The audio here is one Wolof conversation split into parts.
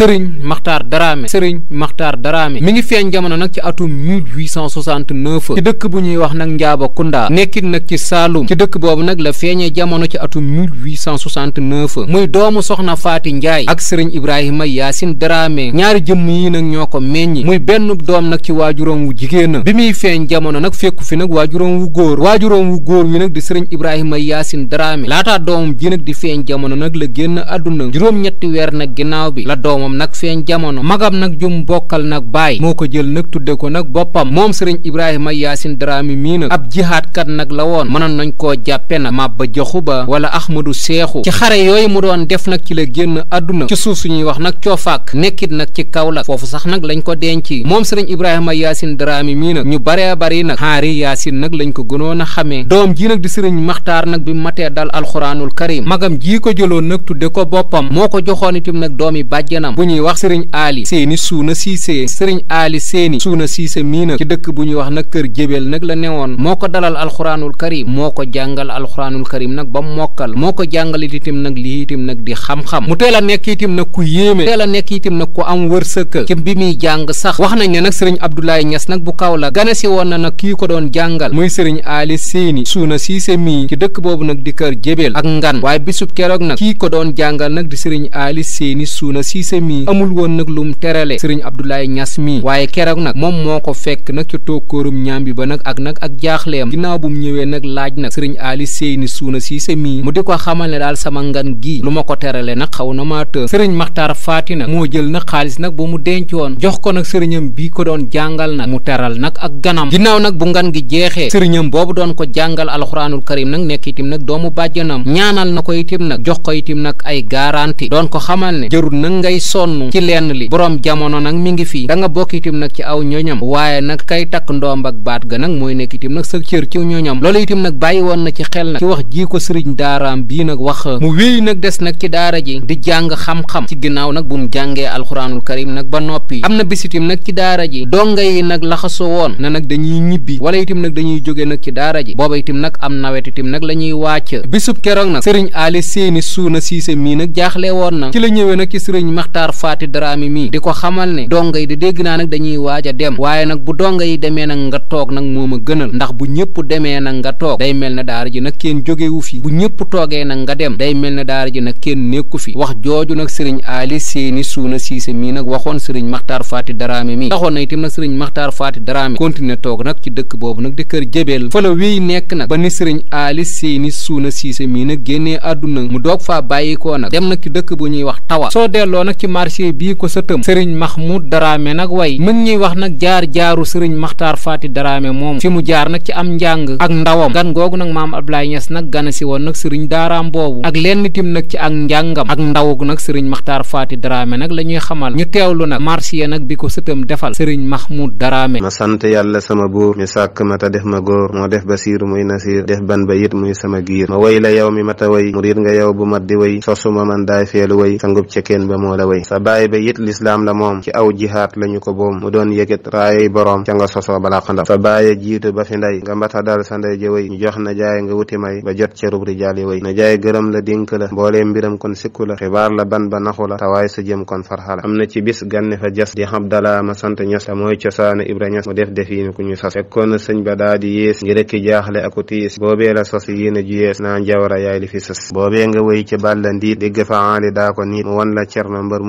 Serigne Makhtar Darame Serigne Makhtar Darame mi ngi feeñ jamono nag ci atum 1869 ci dëkk bu ñuy wax nag Njaaba Kunda nekkit nag ci Saalum ci dëkk boobu nag la feeñee jamono ci atum 1869 muy doomu soxna Faati Njaay ak Serigne Ibrahima Yaasin Darame ñaari jëmm yi nag ñoo ko meññi muy benn doom nag ci waajuroom wu jigéena bi muy feeñ jamono nag fekku fi nag waajuroom wu góor waajuroom wu góor wi nag di Serigne Ibrahima Yaasin Darame laataa doomam ji nag di feeñ jamono nag la génn àdduna juróom weer nag ginnaaw bi la doomam moom nag feeñ jamono magam nag jum bokkal nag baay moo ko jël nag tudde ko nag boppam moom sëriñ Ibrahima Yaasin Daraami mii nag ab jihaatkat nag la woon mënoon nañ koo jàppe nag Màbba Jaxuba wala Ahmadu Seexu ci xare yooyu mu doon def nag ci la génn àdduna ci suuf suñuy wax nag coofaak nekkit nag ci Kaolack foofu sax nag lañ ko denc moom sëriñ Ibrahima Yaasin Daraami mii nag ñu baree bari nag Henri Yaasin nag lañ ko gënoon a xamee doom ji nag di sëriñ Maxtaar nag bi matee dal alxuraanul karim magam jii ko jëloon nag tudde ko boppam moo ko joxoon itam nag doom doomi bàjjanam bu ñuy wax sëriñ aali seeni suuna siisee sëriñ aali seeni suuna siise mii nag ci dëkk bu ñuy wax nag kër jébeel nag la newoon moo ko dalal alxuraanul karim moo ko jàngal alxuraanul karim nag ba mokkal moo ko jàngal itam nag lii itam nag di xam-xam mu teel a nekk itam nag ku yéeme teel nekk itam nag ku am bi muy jàng sax wax nañ ne nag sëriñ Abdoulaye Niass nag bu kaw la gane si woon na ko doon jàngal muy sëriñ aali seeni suuna siise mii ci dëkk boobu nag di kër jébeel ak ngan waaye bisub keroog nag kii ko doon jàngal nag di sëriñ aali seeni suuna siise mii mi amul woon nag lu mu terale sëriñ Abdoulaye Niass moom moo ko fekk nag ca tokkoorum ñaambi ba nag ak nag ak jaaxleem ginnaaw bu mu ñëwee nag laaj nag sëriñ Ali Seyni Suuna Siise mii mu di ko xamal ne daal sama ngan gi lu ma ko terale nag xaw na maa të sëriñ Maxtaar Faati nag moo jël nag xaalis nag ba mu dencoon jox ko nag sëriñam bii ko doon jàngal nag mu teral nag ak ganam ginnaaw nag bu ngan gi jeexee sëriñam boobu doon ko jàngal alxuraanul karim nag nekk itim nag doomu bàjjanam ñaanal na ko itim nag jox ko itim nag ay garanti doon ko xamal ne jërul nag ngay so sonn ci lenn li boroom jamono nag mi ngi fii da nga nag ci aw ñoñam waaye nag kay takk ndoom ak baat ga nag mooy nekk itam nag sa cër ci ñoñam loolu itam nag bàyyi woon na ci xel nag ci wax ko sëriñ daaraam bii nag wax mu wéy nag daara di jàng xam-xam ci ginnaaw nag bu mu jàngee alxuraanul karim nag ba noppi am na bis itam nag ci daara ji donga yi nag laxaso woon na nag dañuy ñibbi wala itam nag dañuy jóge nag ci daara ji booba itam nag am nawet itam nag la ñuy wàcc bisub keroog nag sëriñ aali seeni suuna siise mii nag jaaxle woon na ci la ñëwee nag ci sëriñ maxta Matar Faty Dramé mii di ko xamal ne donga yi di dégg naa nag dañuy waaj a dem waaye nag bu donga yi demee nag nga toog nag moom a gënal ndax bu ñëpp demee nag nga toog day mel ne daara ji nag kenn jógewu fi bu ñëpp toogee nag nga dem day mel ne daara ji nag kenn nekku fi wax jooju nag sëriñ Ali Seyni Suuna Siise mii nag waxoon sëriñ Matar faati Dramé mii taxoon na itam nag sëriñ Matar Faty Dramé continuer toog nag ci dëkk boobu nag di kër jébeel fa la wii nekk nag ba ni sëriñ Ali Seyni Suuna Siise mii nag génnee àdduna mu doog faa bàyyikoo nag dem marché bii ko sëtëm sëriñ Mahmoud Daraame nag way mën ñuy wax nag jaar jaaru sëriñ Maxtaar Faati Daraame moom fi mu jaar nag ci am njàng ak ndawam gan googu nag maam Abdoulaye Niass nag gana si woon nag sëriñ daaraam boobu ak lenn tim nag ci ak njàngam ak ndaw ndawug nag sëriñ Maxtaar Faati Daraame nag la ñuy xamal ñu teewlu nag marché nag bi ko sëtëm defal sëriñ Mahmoud Daraame ma sant yàlla sama buur mi sàkk ma ta def ma góor moo def basiir muy nasiir def ban ba yit muy sama giir ma way yow mi mata way murid nga yow bu mat di way sosuma man daay baay sa baay ba it lislaam la moom ci aw jihaat lañu ko boom mu doon yëgit raayey boroom ca nga sosoo balaa xandam sa baay jiitu ba fi ndey nga mbata dal sa ndey jëwëy ñu na jaay nga wuti may ba jot ca rubri jaali wëy na jaay gërëm la dénk la mboolee kon sikku la xibaar la ban ba naxu la tawaay sa kon farxala am na ci bis ganne fa jas di xab dalaa ma sant ñas te mooy cosaana ibra ñas mu def def yi ni ku ñu sas fekkoon sëñ ba daa di yées ngi rëkki jaaxle aku tiis boobee la sos yéen a juyees naa njawara yaay li fi sës boobee nga wëy ci bàlla ndiit digg fa aali daa ko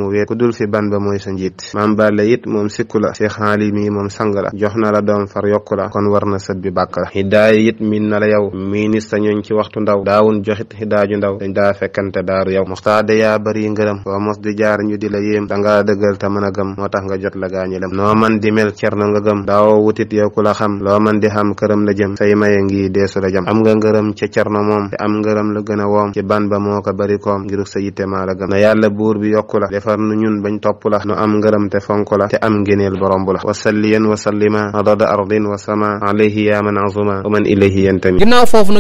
mu wéet ku dul fi Bamba mooy sa njiit maam Balla it moom sikku la Seex Xaali mi moom sang la jox na la doom far yokku la kon war na sët bi bàkk la hidaaya it miin na la yow miinis sa ñooñ ci waxtu ndaw daawun joxit hidaaju ndaw dañ daa fekkante daaru yow muxtaade yaa bari ngërëm foo mos di jaar ñu di la yéem da ngaa dëggal mën a gëm moo tax nga jot la gaañu lem noo man di mel cerno nga gëm daawoo wutit yow ku la xam loo man di xam la jëm say maye ngi deesu la jëm am nga ngërëm ca cerno moom te am ngërëm a woom ci ban ba moo ko bari koom ngiruk sa yitte maa la gëm na yàlla wa sama alayhi ya man wa man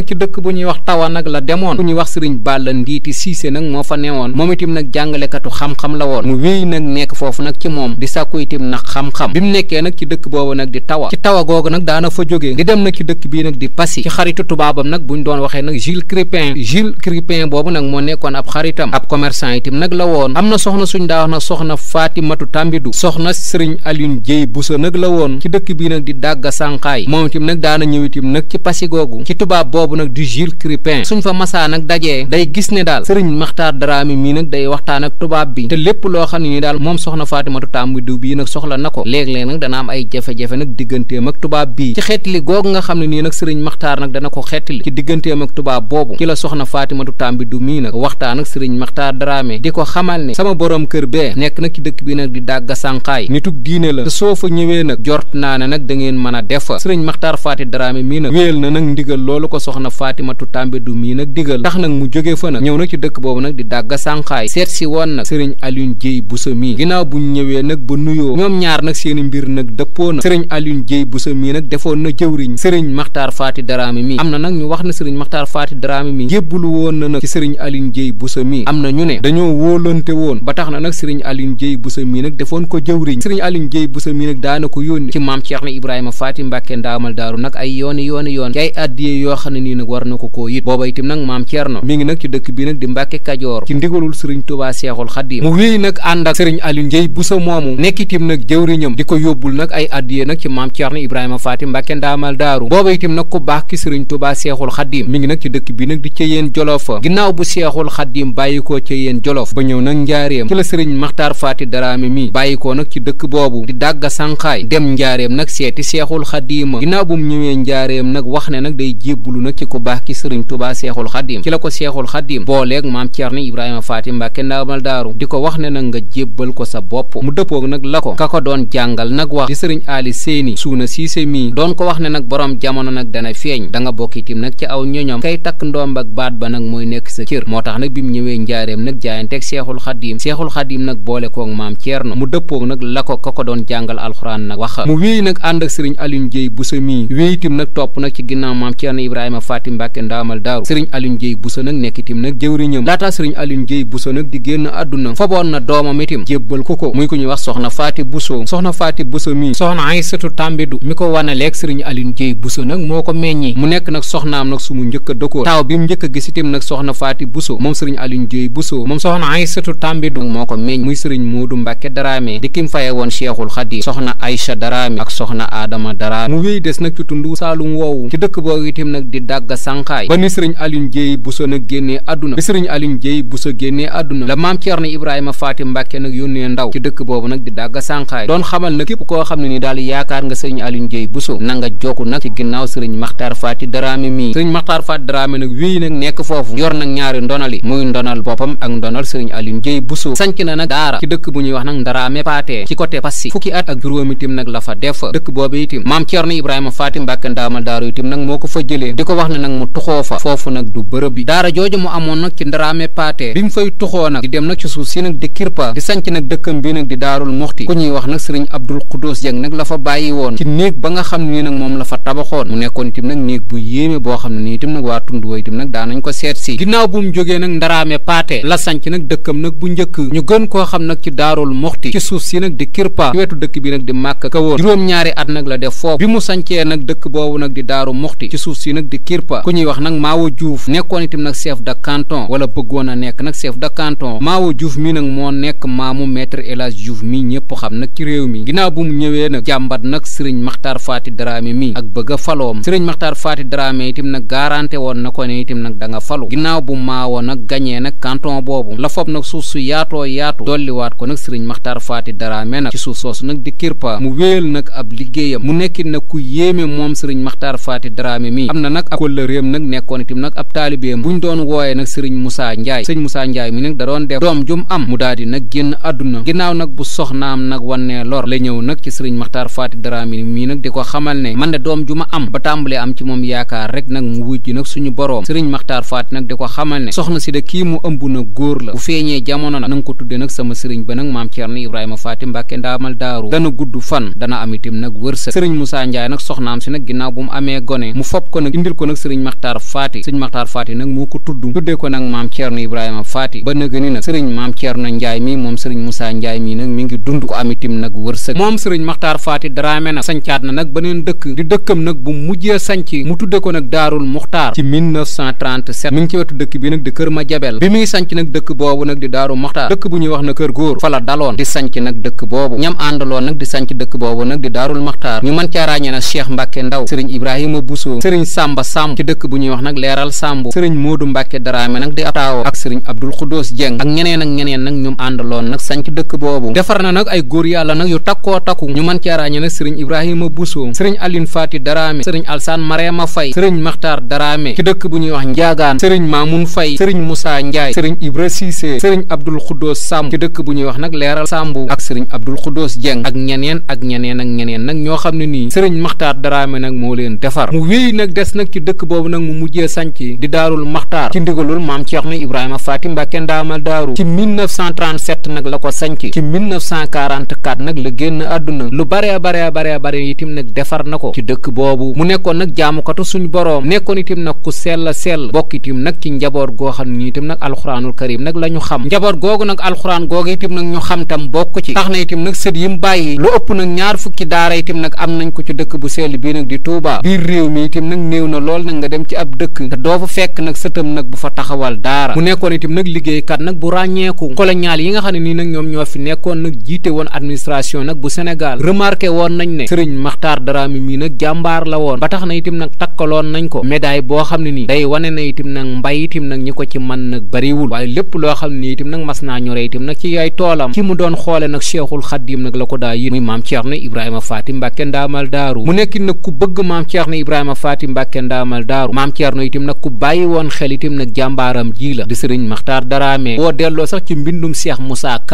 nag la demoon ku ñuy wax sëriñ Balla Ndiiti Siise nag moo fa newoon moom itam nag jàngalekatu xam-xam la woon mu wéy nag nekk foofu nag ci moom di sàkku itam nag xam-xam bi mu nekkee nag ci dëkk boobu nag di tawa ci tawa googu nag daana fa jógee di dem nag bii nag di pasi xaritu tubaabam nag buñ doon waxee nag Jules Crépin Jules Crépin boobu nag moo nekkoon ab xaritam ab commerçant itam nag la woon am na soxna su sëriñ daa wax na soxna faatimatu tàmbidu soxna sëriñ Alioune Dieye Bousso nag la woon ci dëkk bii nag di dàgga sànqaay moom itam nag daana ñëw itam nag ci pasi googu ci tubaab boobu nag du Jules Crépin suñ fa masaa nag dajee day gis ne daal sëriñ Maxtaar Daraami mii nag bi te lépp loo xam ne daal moom soxna faatimatu tàmbidu bii nag soxla na ko léeg-léeg nag dana am ay jafe-jafe nag digganteem ak tubaab bii ci xeetali googu nga xam ne nii nag sëriñ Maxtaar nag dana ko xeetali ci digganteem ak tubaab boobu ci la soxna faatimatu tàmbidu mii nag waxtaan ak sëriñ Maxtaar Daraami di ko xamal ne sama borom kër bee nekk nag ci dëkk bi nag di dàgga sànqaay nitug diine la te soo fa ñëwee nag jort naa ne nag da ngeen mën a def fa sëriñ maxtaar faati daraame mii nag wéyal na nag ndigal loolu ko soxna faatimatu tàmbe du mii nag digal tax nag mu jóge fa nag ñëw nag ci dëkk boobu nag di dàgga sànqaay seet si woon nag sëriñ Alioune Dieye Bousso mii ginnaaw bu ñëwee nag ba nuyoo ñoom ñaar nag seeni mbir nag dëppoo na sëriñ Alioune Dieye Bousso mii nag defoon na jëwriñ sëriñ maxtaar faati daraame mii am na nag ñu wax na sëriñ maxtaar faati daraame mii jébbulu woon na nag ci sëriñ Alioune Dieye Bousso mii am na ñu ne dañoo wóolante woon ba tax na nag sëriñ Alioune Dieye Bousso mii nag defoon ko jëwriñ sëriñ Alioune Dieye Bousso mii nag daana ko yónni ci maam Cheikh na Ibrahima Faty Mbacke ndaamal daaru nag ay yooni yooni yoon ci ay addiye yoo xam ne nii nag war na ko koo yit booba itam nag maam Thierno mi ngi nag ci dëkk bi nag di Mbacke Kajoor ci ndigalul sëriñ Touba Seexul Xadim mu wéy nag ànd ak sëriñ Alioune Dieye Bousso moomu nekkitim nag jëwriñam di ko yóbbul nag ay addiye nag ci maam Cheikh na Ibrahima Faty Mbacke ndaamal daaru booba itam nag ku baax ki sëriñ Touba Seexul Xadim mi ngi nag ci dëkk bi nag di Ceyeen Jolof ginnaaw bu Seexul Xadim bàyyi ko Ceyeen Jolof ba ñëw nag njaareem sëriñ maxtaar faati daraame mi bàyyi ko nag ci dëkk boobu di dàgga sànqaay dem njaareem nag seeti seexul xadiima ginnaaw bu mu ñëwee njaareem nag wax ne nag day jébbulu nag ci ku baax ki sëriñ tubaa seexul xadim ci la ko seexul xadim booleeg maam Cerno ibrahima faati mbàkke ndaamal daaru di ko wax ne nag nga jébbal ko sa bopp mu dëppoog nag la ko ka ko doon jàngal nag wax di sëriñ aali séeni suuna siise mii doon ko wax ne nag borom jamono nag dana feeñ danga nga bokk itim nag ci aw ñoñom kay takk ndoom ak baat ba nag mooy nekk sa cër moo tax nag bi mu ñëwee njaareem nag jaayanteeg seexul xadim seexul xadim nag boole koog maam Thierno mu dëppoog nag la ko ka ko doon jàngal alxuraan nag wax mu wéy nag ànd ak sëriñ Alioune Dieye Bousso mii wéy itam nag topp nag ci ginnaaw maam Thierno Ibrahima Fatim Mbacke ndaamal daaru sëriñ Alioune Dieye Bousso nag nekk itam nag jëwriñam laataa sëriñ Alioune Dieye Bousso nag di génn àdduna foboon na doomam itam jébbal ko ko muy ku ñuy wax soxna Faati Bousso soxna Faati Bousso mii soxna Aysatu Tambédou mi ko wanaleeg sëriñ Alioune Dieye Bousso moo ko meññi mu nekk nag soxnaam nag su mu njëkk a njëkk a gis itam nag soxna Faati Bousso moom sëriñ Alioune Dieye moo ko meññ muy sëriñ Moodu Mbàkke Daraame di kim faye woon Cheikhul Xadim soxna Aïcha Daraame ak soxna Adama Daraame mu wéy des nag ci tundu Saalum woowu ci dëkk boobu itam nag di dàgg sànqaay ba ni sëriñ Alioune Dieye Bousso nag génnee àdduna bi sëriñ Alioune Dieye Bousso génnee àdduna la maam Ceerno Ibrahima Faati Mbàkke nag yónnee ndaw ci dëkk boobu nag di dàgg sànqaay doon xamal nag képp koo xam ne ni daal yaakaar nga sëriñ Alioune Dieye Bousso na nga jokku nag ci ginnaaw sëriñ Maxtaar Faati Daraame mii sëriñ Maxtaar Faati Daraame nag wéy nag sanc na nag daara ci dëkk bu ñuy wax nag ndaraame paatee ci côté passi fukki at ak juróomi nag la fa dëkk boobu itim maam Ceerno nag moo ko fa jëlee di ko wax ne nag la fa bàyyi woon ci néeg ba nga moom la fa tabaxoon mu nekkoon itim nag néeg bu yéeme boo xam ne nii itam nag waa tund woo itam nag daanañ ko seet si ginnaaw bu mu nag ndaraame paate la sanc nag dëkkam nag bu njëkk ñu gën koo xam nag ci daarul muxti ci suuf si nag di kirpa ci wetu dëkk bi nag di màkk kawoon juróom-ñaari at nag la def foofu bi mu sancee nag dëkk boobu nag di daaru muxti ci suuf si nag di kirpa ku ñuy wax nag Maawo Juuf nekkoon itam nag chef de canton wala bëggoon a nekk nag chef de canton Maawo Juuf mi nag moo nekk maamu maître El Hadj Juuf mi ñëpp xam nag ci réew mi ginnaaw bu mu ñëwee nag jàmbat nag sëriñ Maxtaar Faati Dramé mi ak bëgg a faloom sëriñ Faati Dramé itam nag garanté woon na ko itam nag da nga falu bu Maawo nag gañee nag canton boobu yaatu dolliwaat ko nag sëriñ maxtaar faati daraame nag ci suuf soosu nag di kirpa mu wéyal nag ab liggéeyam mu nekkit nag ku yéeme moom sëriñ maxtaar faati daraame mi am na nag ab kóllëreem nag nekkoon itam nag ab taalibeem buñ doon wooyee mi nag da doon def di ko xamal ne man de doom ju ma am ba tàmbalee am ci moom yaakaar rek nag mu wujj nag suñu boroom sëriñ maxtaar faati nag di ko xamal ne soxna si de kii mu ëmb na góor la bu feeñee jamono nag nanga ko tudde nag sama sëriñ ba nag maam Thierno a Faty Mbacke ndaamal daaru dana gudd fan dana am nag wërsëg sëriñ Moussa Ndiaye nag soxnaam si nag ginnaaw bu mu amee gone mu fob ko nag indil ko nag sëriñ Makhtar Faty sëriñ Makhtar Faty nag moo ko tudd tuddee ko nag maam Thierno Ibrahima Faty ba nëga ni nag sëriñ maam Thierno Ndiaye mi moom sëriñ Moussa Ndiaye mi nag mi ngi dund ko am nag wërsëg moom sëriñ Makhtar Faty Dramé nag sancaat bu ñuy wax na kër góor fa la daloon di sanc nag dëkk boobu ñam àndaloon nag di sanc dëkk boobu nag di daarul maxtaar ñu mën caa ràññee nag cheikh mbàkke ndaw sëriñ ibrahima buso sëriñ sàmba sàmb ci dëkk bu ñuy wax nag leeral sàmb sëriñ moodu mbàkke daraame nag di ataawoo ak sëriñ abdul xudóos jeng ak ñeneen ak ñeneen nag ñoom àndaloon nag sanc dëkk boobu defar na nag ay góor yàlla nag yu takkoo takku ñu mën caa ràññee nag sëriñ ibrahima buso sëriñ alin sàmm ci dëkk bu ñuy wax nag leeral sàmbu ak sëriñ abdul xuddoos jeng ak ñeneen ak ñeneen ak ñeneen nag ñoo xam ne nii sëriñ maxtaar daraame nag moo leen defar mu wéy nag des nag ci dëkk boobu nag mu mujjee sanc di daarul maxtaar ci ndigalul maam Cheikh na ibrahima faati mbàkke ndaama daaru ci 1937 nag la ko sanc ci 1944 nag la génn àdduna lu bare bare bare bare itim nag defar na ko ci dëkk boobu mu nekkoon nag jaamukatu suñu boroom nekkoon itim nag ku sell sell bokk itim nag ci njaboot goo xam ne itam nag alxuraanul karim nag la ñu xam njaboot googu nag alxuraan googu itam nag ñu xam tam bokk ci tax na itam nag sët yi mu bàyyi lu ëpp nag ñaar fukki daara itam nag am nañ ko ci dëkk bu sell bii nag di Touba biir réew mi itam nag néew na lool nag nga dem ci ab dëkk doo fa fekk nag sëtam nag bu fa taxawal daara mu nekkoon itam nag liggéeykat nag bu ràññeeku colonial yi nga xam ne nii nag ñoom ñoo fi nekkoon nag jiite woon administration nag bu Sénégal remarqué woon nañ ne Serigne Makhtar Darame mii nag jàmbaar la woon ba tax na itam nag takkaloon nañ ko médaille boo xam ne nii day wane na itam nag mbay itam nag ñi ko ci mën nag bariwul lépp loo xam ne itam nag mas naa ñu rey itam nag ci yaay toolam ki mu doon xoole nag cheikhul xaddim nag la ko daa yit muy maam Ceerno Ibrahima Faati Mbàkke ndaamal daaru mu nekk nag ku bëgg maam Ceerno Ibrahima Faati Mbàkke ndaamal daaru maam Ceerno itam nag ku bàyyi woon xel la di sëriñ Maxtaar Daraame boo delloo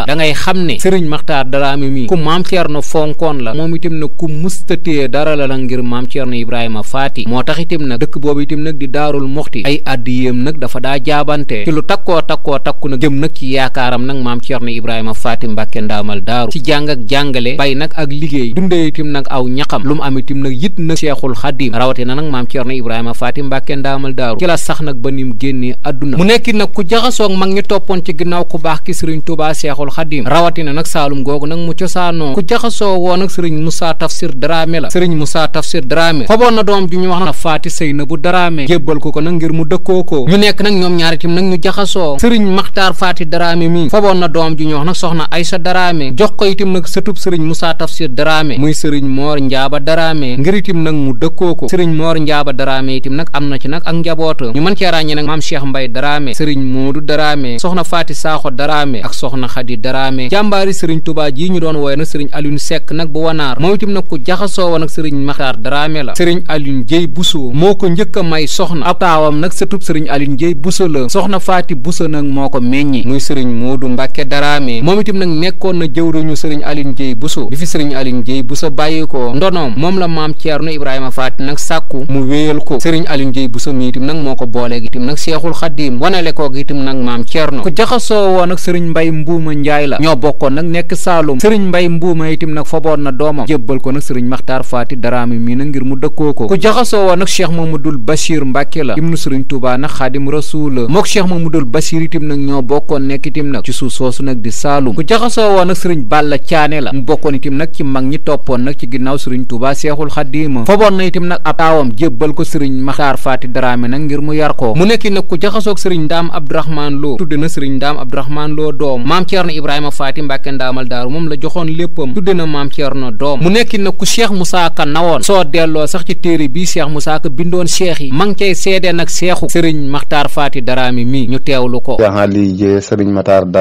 da ngay xam ne sëriñ Maxtaar Daraame mi fonkoon la moom itam nag ku mustatee dara la la ngir maam Ceerno Ibrahima Faati moo tax itam nag dëkk boobu itam nag di daarul muxti ay addiyéem nag dafa daa jaabante ci lu takkoo takkoo takku nag jëm nag ci yaakaaram nag maam Cerno Ibrahima Faati Mbàkke ndaamal daaru ci jàng ak jàngale bay nag ak liggéey dundee itam nag aw ñaxam lu mu am itam nag yit nag Seexul Xadim rawatina nag maam Cerno Ibrahima Faati Mbàkke ndaamal daaru ci la sax nag ba nim génnee àdduna mu nekki nag ku jaxasoog mag ñi toppoon ci ginnaaw ku baax ki sëriñ Tuubaa Seexul Xadim rawatina nag saalum googu nag mu cosaanoo ku jaxasoo woon nag sëriñ Moussa Tafsir Dramé la sëriñ Moussa Tafsir Dramé na doom ju ñu wax ko ko nag ngir mu dëkkoo ko ñu nekk nag ñoom ñaar itam faboon na doom ji ñu wax nag soxna Aysa Daraame jox ko itam nag sëtub sëriñ Moussa Tafsir Daraame muy sëriñ Moor Njaaba Daraame ngir itam nag mu dëkkoo ko sëriñ Moor Njaaba Daraame itam nag am na ci nag ak njaboota ñu mën cee ràññee nag maam Cheikh Mbay Daraame sëriñ Moodu Daraame soxna Faati Saaxo Daraame ak soxna Xadi Daraame jàmbaari sëriñ Tuubaa ji ñu doon wooye nag sëriñ Alioune Seck nag bu wanaar moom itam nag ku jaxasoo woon ak sëriñ Maxtaar Daraame la sëriñ Alioune Jéy Buso moo ko njëkk a may soxna ab taawam nag sëtub sëriñ Alioune Jéy Buso la soxna Faati Buso nag moo ko meññi muy sëriñ Modou Mbacke Darame moom itam nag nekkoon na jëwriñu sëriñ Alioune Ndiaye Bousso bi fi sëriñ Alioune Ndiaye Bousso bàyyi ko ndonoom moom la maam Thierno Ibrahima Faty nag sàkku mu wéyal ko sëriñ Alioune Ndiaye Bousso mi itam nag moo ko booleeg itam nag Seexul Xaddiim wanale ko itam nag maam Thierno ku jaxasoo woon sëriñ Mbay Mbuuma Njaay la ñoo bokkoon nag nekk Saalum sëriñ Mbay Mbuuma itam nag foboon na doomam jébbal ko nag sëriñ Maxtaar Faty Darame mii nag ngir mu dëkkoo ko ku jaxasoo woon nag Cheikh Mamadul Bachir Mbacke la ibnu sëriñ Touba nag Xaadim Rasuul la mook Cheikh Mamadul Bachir itam nag ñoo bokkoon nekk itam suuf soosu nag di saalum ku jaxasoo woon nag sëriñ Balla Caane la mu bokkoon itam nag ci mag ñi toppoon nag ci ginnaaw sëriñ Touba Seexul Xadiima foboon na itam nag ab taawam jébbal ko sëriñ Maxtaar Faati Daraame nag ngir mu yar ko mu nekk nag ku jaxasoog sëriñ Ndaam Abdourahmaan Lo tudde na sëriñ Ndaam Abdourahmaan Lo doom maam Ceerno Ibrahima Faati Mbàkke Ndaamal Daaru moom la joxoon léppam tudde na maam na doom mu nekk nag ku Cheikh Moussa Ka nawoon soo delloo sax ci téere bii Cheikh Moussa Ka bindoon cheikh yi ma ngi cay seede nag seexu sëriñ Maxtaar Faati Daraame mi ñu teewlu ko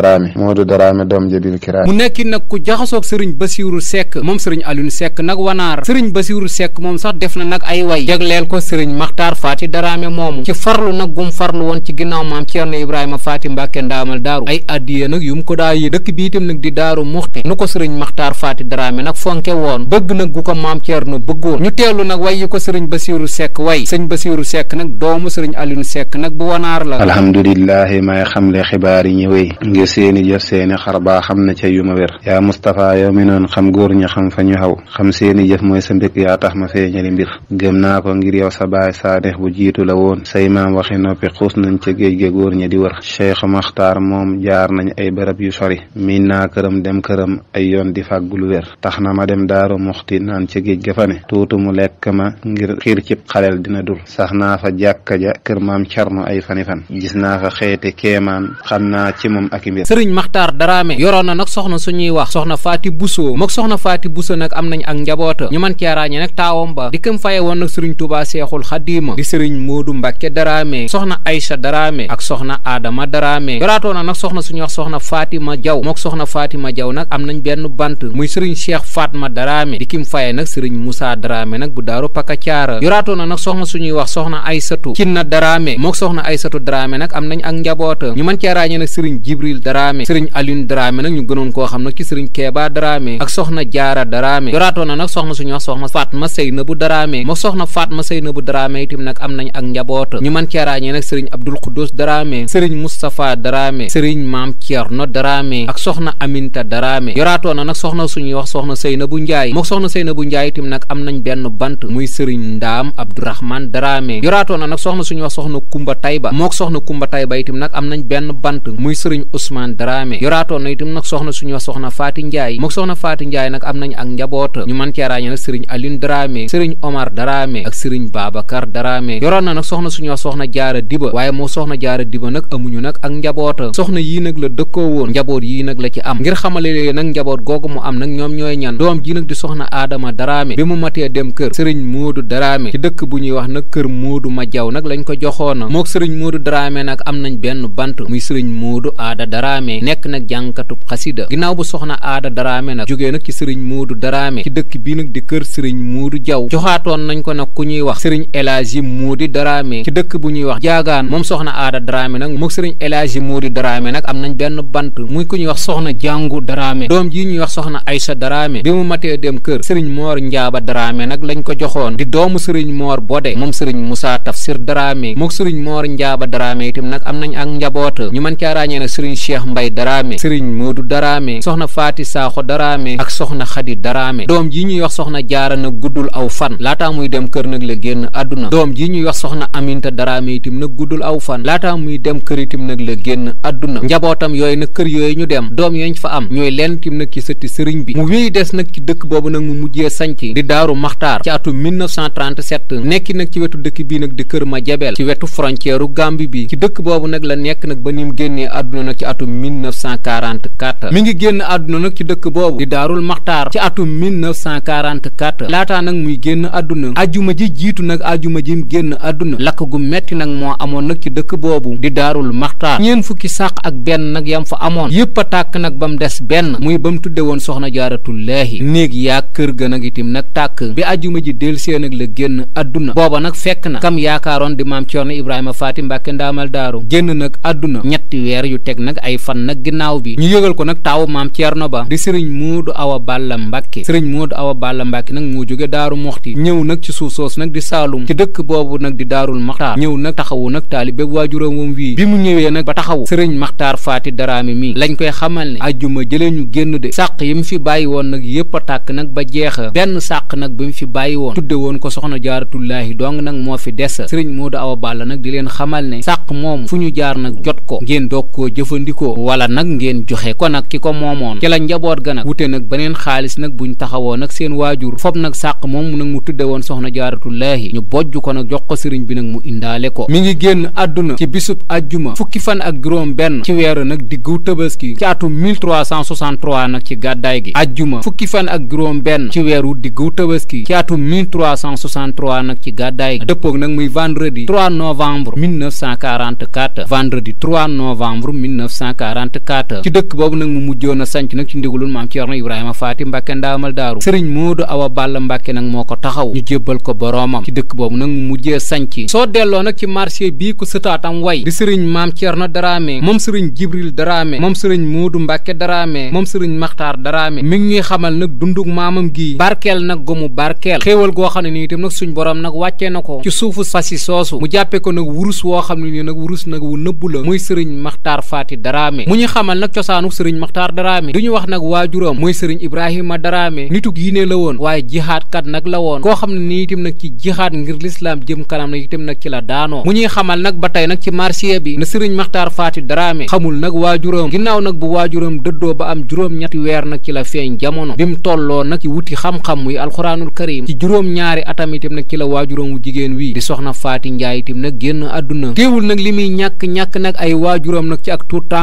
Darame Modou Darame doom jabil kiraam mu nekkin nag ku jaxasoog sëriñ Basiiru Seck moom sëriñ Alioune Seck nag wanaar sëriñ Basiiru Seck moom sax def na nag ay way jagleel ko sëriñ Maxtaar Faati Darame moomu ci farlu nag gum farlu woon ci ginnaaw maam Ceerno Ibrahima Faati Mbàkke ndaamal daaru ay addiye nag yu mu ko daa yi dëkk bi itam nag di daaru muxti nu ko sëriñ Maxtaar Faati Darame nag fonke woon bëgg nag gu ko maam Ceerno bëggoon ñu teelu nag way yi ko sëriñ Basiiru Seck way sëriñ Basiiru Seck nag doomu sëriñ Alioune Seck nag bu wanaar seeni jëf seeni xar xam na ca ma wér yaa Moustapha yow mi noon xam góor ñi xam fa ñu xaw xam seeni jëf moy sa mbég yaa tax ma feeñali mbir gëm naa ko ngir yow sa baay saaneex bu jiitu la woon say maam waxi noppi xuus nañ ca géej ga góor ñi di wër Cheikh Maxtaar moom jaar nañ ay barab yu sori miin naa këram dem këram ay yoon di fàggul wér tax na ma dem daaru muxti naan ca géej ga fa ne tuutu mu lekk ma ngir xiir cib xalel dina dul sax naa fa jàkka ja kër maam carno ay wi sëriñ maxtaar daraame yoroon na nag soxna suñuy wax soxna faati buso mook soxna faati buso nag am nañ ak njaboota ñu man cee ràññee nag taawam ba di këm faye woon nag sëriñ tubaa seexul xadiima di sëriñ moodu na nag soxna suñuy wax soxna faatima jaw mook soxna faatima jaw nag am nañ benn bant muy sëriñ cheikh fatma daraame di kim faye nag na nag soxna suñuy wax soxna aysatu cinna daraame mook soxna aysatu daraame nag am nañ ak njaboota ñu man cee ràññee sëriñ jibril Dramé sëriñ Alioune Dramé nag ñu gënoon koo xam nag ci sëriñ Kéba Dramé ak soxna Jaara Dramé yoraatoon na nag soxna suñu wax soxna Fatma Seynabou Dramé moo soxna Fatma Seynabou Dramé itam nag am nañ ak njaboota ñu mën cee ràññee nag sëriñ Abdul Xuddus Dramé sëriñ Moustapha Dramé sëriñ Maam Thierno Dramé ak soxna Aminta Dramé yoraatoon na nag soxna suñuy wax soxna Seynabou Ndiaye moo soxna Seynabou Ndiaye itam nag am nañ benn bant muy sëriñ Ndaam Abdourahmane Dramé yoraatoon na nag soxna suñuy wax soxna Kumba Tayba mook soxna Kumba Tayba itam nag am nañ benn bant muy sëriñ Ousmane Ousmane Dramé yoraatoon na itam nag soxna suñu a soxna Faati Njaay mook soxna Faati Njaay nag am nañ ak njaboota ñu mën cee ràññee nag sëriñ Alioune Dramé sëriñ Omar Dramé ak sëriñ Babacar Dramé yoroon na nag soxna suñu wax soxna Jaara Diba waaye moo soxna a Diba nag amuñu nag ak njaboota soxna yii nag la dëkkoo woon njaboot yii nag la ci am ngir xamale leen nag njaboot googu mu am nag ñoom ñooy ñan doom ji nag di soxna Adama Dramé bi mu matee dem kër sëriñ Moodu Dramé ci dëkk bu ñuy wax nag kër Moodu Majaw nag lañ ko joxoona mook sëriñ Moodu Dramé nag am nañ benn bant muy sëriñ Moodu Aada Dramé Daraame nekk nag jànkatub xasida ginnaaw bu soxna aada Daraame nag jógee nag ci sëriñ Moodu Daraame ci dëkk bii nag di kër sëriñ Moodu Jaw joxaatoon nañ ko nag ku ñuy wax sëriñ Elaaji Moodi Daraame ci dëkk bu ñuy wax jaagaan moom soxna aada Daraame nag mook sëriñ Elaaji Moodi Daraame nag am nañ benn bant muy ku ñuy wax soxna jàngu Daraame doom ji ñuy wax soxna Aysa Daraame bi mu matee dem kër sëriñ Moor Njaaba Daraame nag lañ ko joxoon di doomu sëriñ Moor Bode moom sëriñ Musaa Tafsir Daraame mook sëriñ Moor Njaaba Daraame itam nag am nañ ak njaboota ñu mën caa nag Cheikh Mbay Daraame Serigne Modou Daraame soxna Faati Saaxo Daraame ak soxna Xadi Daraame doom ji ñuy wax soxna jaara nag guddul aw fan laataa muy dem kër nag la génn àdduna doom ji ñuy wax soxna Aminta Daraame itam nag guddul aw fan laataa muy dem kër itam nag la génn àdduna njabootam yooyu nag kër yooyu ñu dem doom yooñ fa am ñooy lenn itam nag ci sëtti sëriñ bi mu wéy des nag ci dëkk boobu nag mu mujjee sanc di daaru maxtaar ci atu 1937 nekki nag ci wetu dëkk bii nag di kër ma ci wetu frontière u bi ci dëkk boobu nag la nekk nag ba nim génnee àdduna nag ci atum 1944 mi ngi génn àdduna nag ci dëkk boobu di daarul maxtaar ci atum 1944 laataa nag muy génn àdduna ajuma ji jiitu nag ajuma jim génn àdduna lakk gu metti nag moo amoon nag ci dëkk boobu di daarul maxtaar ñeen fukki sàq ak benn nag yam fu amoon yëpp a tàkk nag ba mu des benn muy ba mu tudde woon soxna jaaratullaahi néeg yaa kër ga nag itim nag tàkk bi ajuma ji del see nag la génn àdduna booba nag fekk na kam yaakaaroon di maam Cerno Ibrahima Faati Mbàkke ndaamal daaru génn nag àdduna ñetti weer yu teg nag ay fan nag ginnaaw bi ñu yëgal ko nag taawu maam Thierno ba di sëriñ Moodu Awa Balla Mbacke sëriñ Moodu Awa Balla Mbacke nag moo jóge daaru moxti ñëw nag ci suuf soos nag di saalum ci dëkk boobu nag di daarul maxtaar ñëw nag taxawu nag taalibe waajuram woom wii bi mu ñëwee nag ba taxawu sëriñ maxtaar faati daraami mi lañ koy xamal ne ajjuma jëlee ñu génn de sàq yi mu fi bàyyi woon nag yépp a tàkk nag ba jeexa benn sàq nag bi mu fi bàyyi woon tudde woon ko soxna jaaratullaahi dong nag moo fi desa sëriñ Moodu Awa Balla nag di leen xamal ne sàq moom fu ñu jaar nag jot ko ngeen doog koo jëfandikoo jëfandikoo wala nag ngeen joxe ko nag ki ko moomoon ci la njaboot ga nag wute nag beneen xaalis nag buñ taxawoo nag seen waajur fob nag sàq moom nag mu tudde woon soxna jaaratullaahi ñu bojj ko nag jox ko sëriñ bi nag mu indaale ko mi ngi génn àdduna ci bisub ajjuma fukki fan ak juróom benn ci weeru nag diggu tëbaski ci atum 1363 nag ci gàddaay gi ajjuma fukki fan ak juróom benn ci weeru diggu tëbaski ci atum 1363 nag ci gàddaay gi dëppoog nag muy vendredi 3 novembre 1944 vendredi 3 novembre 1944 1944 ci dëkk boobu nag mu mujjoon a sanc nag ci ndigalul maam Ceerno Ibrahima Faati Mbàkke ndaamal daaru sëriñ Moodu Awa Balla Mbàkke nag moo ko taxaw ñu jébbal ko boroomam ci dëkk boobu nag mu mujjee sanc soo delloo nag ci marché bii ku sëtaatam way di sëriñ maam Ceerno Daraame moom sëriñ Jibril Daraame moom sëriñ Moodu Mbàkke Daraame moom sëriñ Maxtaar Daraame mi ngi xamal nag dundug maamam gii barkeel nag gomu barkeel xéewal goo xam ne nii itam na ko ci suufu fasi soosu mu jàppe ko nag wurus woo xam Darame mu ñu xamal nag cosaanu sëriñ Maxtaar Darame du wax nag waajuram mooy sëriñ Ibrahima Darame nitug yi ne la woon waaye jihaatkat nag la woon koo xam ne nii itam nag ci ngir lislaam jëm kanam na itam nag ci la daanoo mu ñuy xamal nag ba tey nag ci marché bi na sëriñ Maxtaar Faati Darame xamul nag waajuram ginnaaw nag bu waajuram dëddoo ba am juróom-ñetti weer nag ci la feeñ jamono bi mu tolloo nag ci wuti xam-xam muy alxuraanul karim ci juróom-ñaari atam itam nag ci la waajuram wu jigéen wii di soxna Faati Njaay itam nag génn àdduna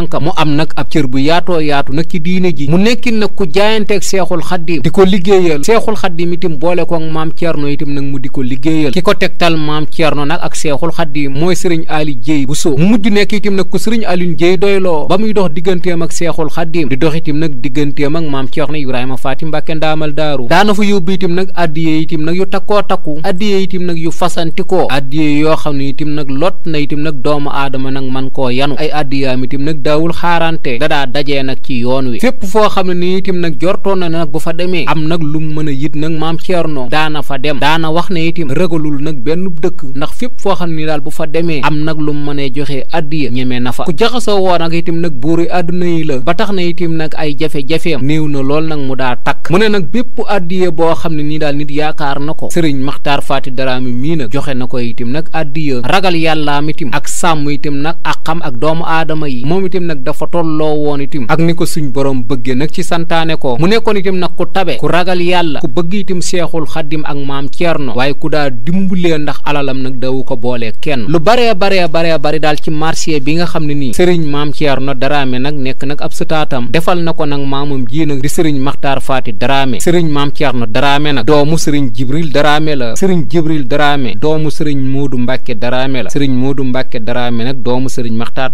tànka mu am nag ab cër bu yaatoo yaatu nag ci diine ji mu nekkin nag ku jaayanteeg seexul xaddim di ko liggéeyal seexul xaddim itam boole koog maam Thierno itam nag mu di ko liggéeyal ki ko tegtal maam Thierno nag ak seexul xaddim mooy sëriñ Ali Dieye Bousso mu mujj nekk itam nag ku sëriñ Alioune Dieye doyloo ba muy dox digganteem ak seexul xaddim di dox itam nag digganteem ak maam Thierno a Fatim Mbàkke ndaamal daaru daana fa yóbbu itam nag addiye itam nag yu takkoo takku addiye itam nag yu fasantikoo addiye yoo xam ne itam daawul xaarante da daa dajee nag ci yoon wi fépp foo xam ne ni itam nag jortoon na nag bu fa demee am nag lu mu mën a yit nag maam noo daana fa dem daana wax ne itam ragalul nag benn dëkk ndax fépp foo xam ni daal bu fa demee am nag lu mu mënee joxe addiya ñeme na fa ku jaxasoo woo nag itam nag i àdduna yi la ba tax na itam nag ay jafe-jafeem néew na lool nag mu daa takk mu ne nag bépp addiya boo xam ne nii daal nit yaakaar na ko sëriñ Maxtaar Faati Daraami mii nag joxe na ko itam nag addiya ragal yàllaam itam ak sàmm itam nag ak xam ak itam nag dafa tolloo woon itam ak ni ko suñ borom bëggee nag ci santaane ko mu nekkoon itam nag ku tabe ku ragal yàlla ku bëgg itam seexul xaddim ak maam Thierno waaye ku daa dimbulee ndax alalam nag dawu ko boolee kenn lu baree baree bare bari daal ci marché bi nga xam ne nii sëriñ maam Thierno Daraame nag nekk nag ab sëtaatam defal na ko nag maamam jii nag di sëriñ Maxtaar Faati Daraame sëriñ maam Thierno Daraame nag doomu sëriñ Jibril Daraame la sëriñ Jibril Daraame doomu sëriñ Moodu Mbàkke Daraame la Moodu Mbàkke Daraame nag doomu sëriñ Maxtaar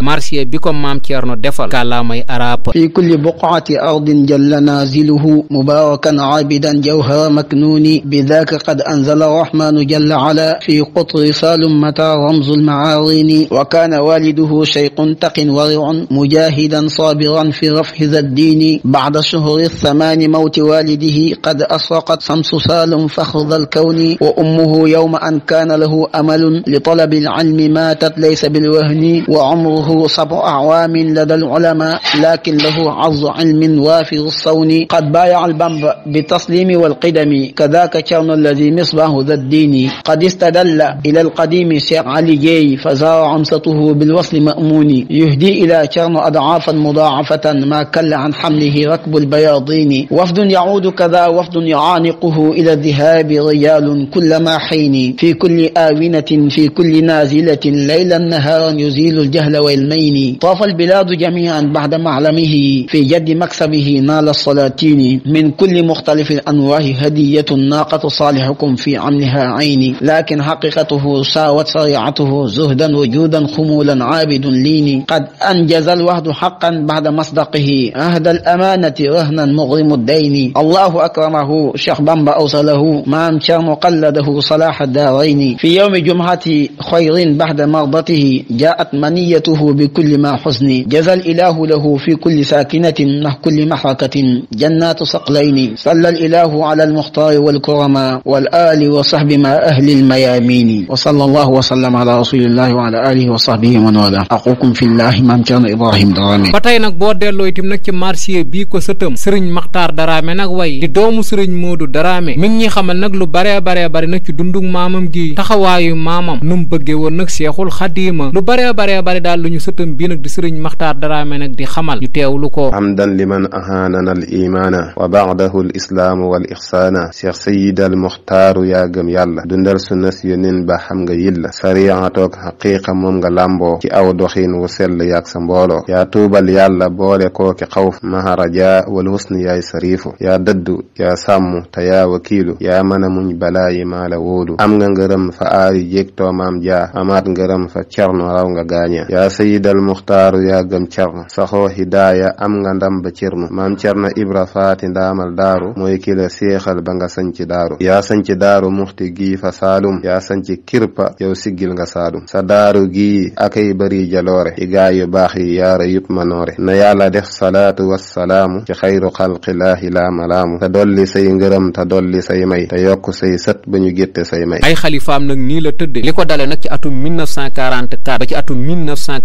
nag marché bi ko maam Ceerno defal kàllaamay arab fi kulli buqaati ardin jalla naaziluhu mubaarakan aabidan jawhara maknuuni bi daaka qad anzala rahmaanu jalla ala fi qutri saalum mata ramzu lmaarini wa kaana waaliduhu cheyqun taqin wariun mujaahidan saabiran fi rafhi zaddiini bacda shuhuri thamaani mawti waalidihi qad asraqat samsu saalum faxrda alkawni wa ummuhu yowma an kaana lahu amalun li talabi alcilmi maatat laysa bilwahni wa umruhu له سبع أعوام لدى العلماء لكن له عرض علم وافر الصون قد بايع البمر بالتسليم والقدم كذاك كان الذي مصباه ذا الدين قد استدل إلى القديم شيخ علي جاي فزار عمسته بالوصل مأمون يهدي إلى كان أضعافا مضاعفة ما كل عن حمله ركب البياضين وفد يعود كذا وفد يعانقه إلى الذهاب ريال كلما حين في كل آونة في كل نازلة ليلا نهارا يزيل الجهل وإلى السلمين طاف البلاد جميعا بعد معلمه في جد مكسبه نال السلاطين من كل مختلف الأنواع هدية الناقة صالحكم في عملها عيني لكن حقيقته ساوت صيعته زهدا وجودا خمولا عابد ليني قد أنجز الوهد حقا بعد مصدقه عهد الأمانة رهنا مغرم الدين الله أكرمه شيخ بامبا أوصله ما أمشى مقلده صلاح الدارين في يوم جمعة خير بعد مرضته جاءت منيته له بكل ما حسن جزى الإله له في كل ساكنة مه كل محركة جنات صقلين صلى الإله على المختار والكرما والآل وصحب ما أهل الميامين وصلى الله وسلم على رسول الله وعلى آله وصحبه ومن والاه أخوكم في الله Maam Cerno Ibrahim Darame ba tey nag boo delloo itam nag ci marché bii ko sëtëm sëriñ Maxtaar Darame nag way di doomu sëriñ Moodu Darame mi ngi ñuy xamal nag lu baree baree bari nag ci dundug maamam gi taxawaayu maamam nu mu bëggee woon nag Seexul Xadiima lu baree baree bari daal ñu sëtam bi nag di sëriñ maxtaar daraame nag di xamal ñu teewlu ko hamdan liman ahaanana al imaana wa baadahu al islaamu wal ixsaana cheikh sayid al muxtaaru yaa gëm yàlla dundal sunnas yoneen ba xam nga yilla sariyaatoog xaqiiqa moom nga làmboo ci aw doxiin wu sell yaag sa mbooloo yaa tuubal yàlla boole kooki xawf maharaja wal husni yaay sariifu yaa dëddu yaa sàmm te yaa wakiilu yaa mën a muñ balaa yi la wóolu am nga ngërëm fa aari jéeg toomaam jaa amaat ngërëm fa cerno raw sayidal muxtaaru yàggam cerno saxoo hidaaya am nga ndam ba cerno maam cerno ibra faati ndaamal daaru mooy ki la ba nga sañci daaru ya sañci daaru muxti gi fa saalum ya sañci kirpa yow siggil nga saalum sa daaru gi akay bari jaloore i gaay yu baax yi yaara yupp manoore na yàlla def salaatu wassalaamu ci xayru xalqilaahi laa malaamu te dolli say ngërëm ta dolli say may te yokk say sët ba ñu gétte say may ay xalifaam nag nii la tëdde li ko dale nag ci atum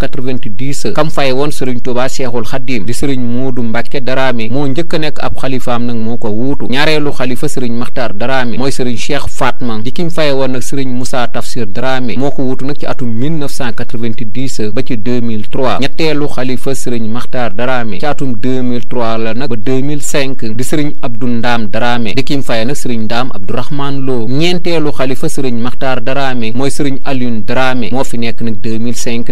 1990 kam fay woon sëriñ Touba Seexul Xaddiim di sëriñ Moodu Mbàkke Daraame moo njëkk a nekk ab xalifaam nag moo ko wuutu ñaareelu xalifa sëriñ Maxtaar Daraame mooy sëriñ Cheikh Fatma di ki mu fay woon nag sëriñ Moussa Tafsir Daraame moo ko wuutu nag ci atum 1990 ba ci 2003 ñetteelu xalifa sëriñ Maxtaar Daraame ci atum 2003 la nag ba di sëriñ Abdou Ndaam Daraame di ki mu nag sëriñ Ndaam Abdourahman Lo ñeenteelu xalifa sëriñ Maxtaar Daraame mooy sëriñ Alioune Daraame moo fi nekk nag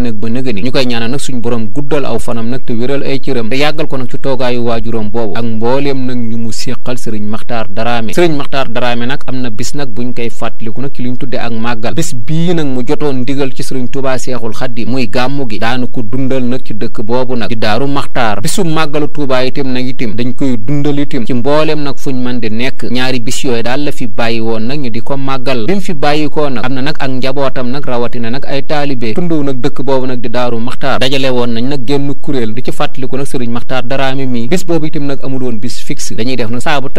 nag ba nëgëni ñu koy ñaanal nag suñu borom guddal aw fanam nag te wéral ay cëram te yàggal ko nag ci toogaayu waajuram boobu ak mbooleem nag ñu mu séqal sëriñ maxtaar daraame sëriñ maxtaar daraame nag am na bis nag bu ñu koy fàttaliku nag ci li ñu tudde ak màggal bis bii nag mu jotoon ndigal ci sëriñ tubaa seexul xaddi muy gàmmu gi daanu ko dundal nag ci dëkk boobu nag ci daaru maxtaar bisu màggalu tuubaa itam nag itam dañ koy dundal itam ci mbooleem nag fuñ mën di nekk ñaari bis yooyu daal la fi bàyyi woon nag ñu di ko màggal bi fi bàyyi koo am na nag ak nag rawatina nag ay taalibe daaru maxtaar dajale woon nañ nag génn kuréel di ci fàttaliku nag sëriñ maxtaar daraami mi bis boobu itam nag amul woon bis fixe dañuy def nag saa bu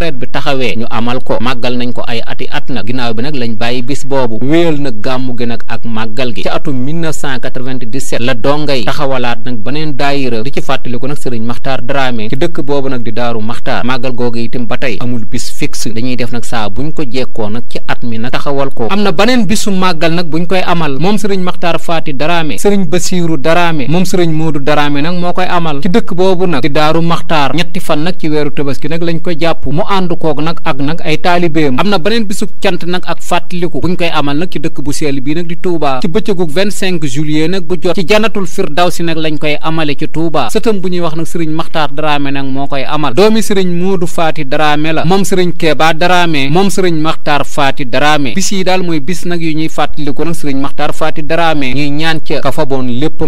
ñu ko jekkoo nag ci at mi nag taxawal ko am na beneen bisu màggal nag buñ koy amal moom sëriñ maxtaar faati daraami sëriñ basiiru Darame moom sëriñ Moodu Darame nag moo koy amal ci dëkk boobu nag di daaru maxtaar ñetti fan nag ci weeru tabaski nag lañ ko jàpp mu ànd koog nag ak nag ay taalibeem am na beneen bisub cant nag ak bu ñu koy amal nag ci dëkk bu seel bii nag di Touba ci bëccëgu 25 juillet nag bu jot ci janatul firdawsi nag lañ koy amale ci Touba sëtam bu ñuy wax nag sëriñ Maxtaar Darame nag moo koy amal doomi sëriñ Moodu Faati Darame la moom sëriñ Keeba Darame moom sëriñ Maxtaar Faati Darame bis yi daal mooy bis nag yu ñuy fàttaliku nag sëriñ Maxtaar Faati Darame ñuy ñaan ca ka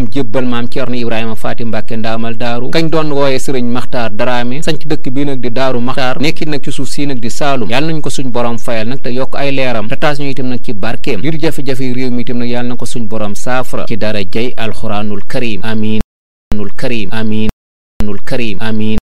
dem jébbal maam Ceerno a Faati Mbàkke ndaamal daaru kañ doon wooye sëriñ Maxtaar Daraame sanc dëkk bii nag di daaru Maxtaar nekkit nag ci suuf sii nag di Saalum yàlla nañ ko suñ borom fayal nag te yokk ay leeram te taas ñu itam nag ci barkeem ngir jafe-jafe réew mi itam nag yàlla na ko suñ borom saafara ci dara jay alxuraanul karim amin nul karim amin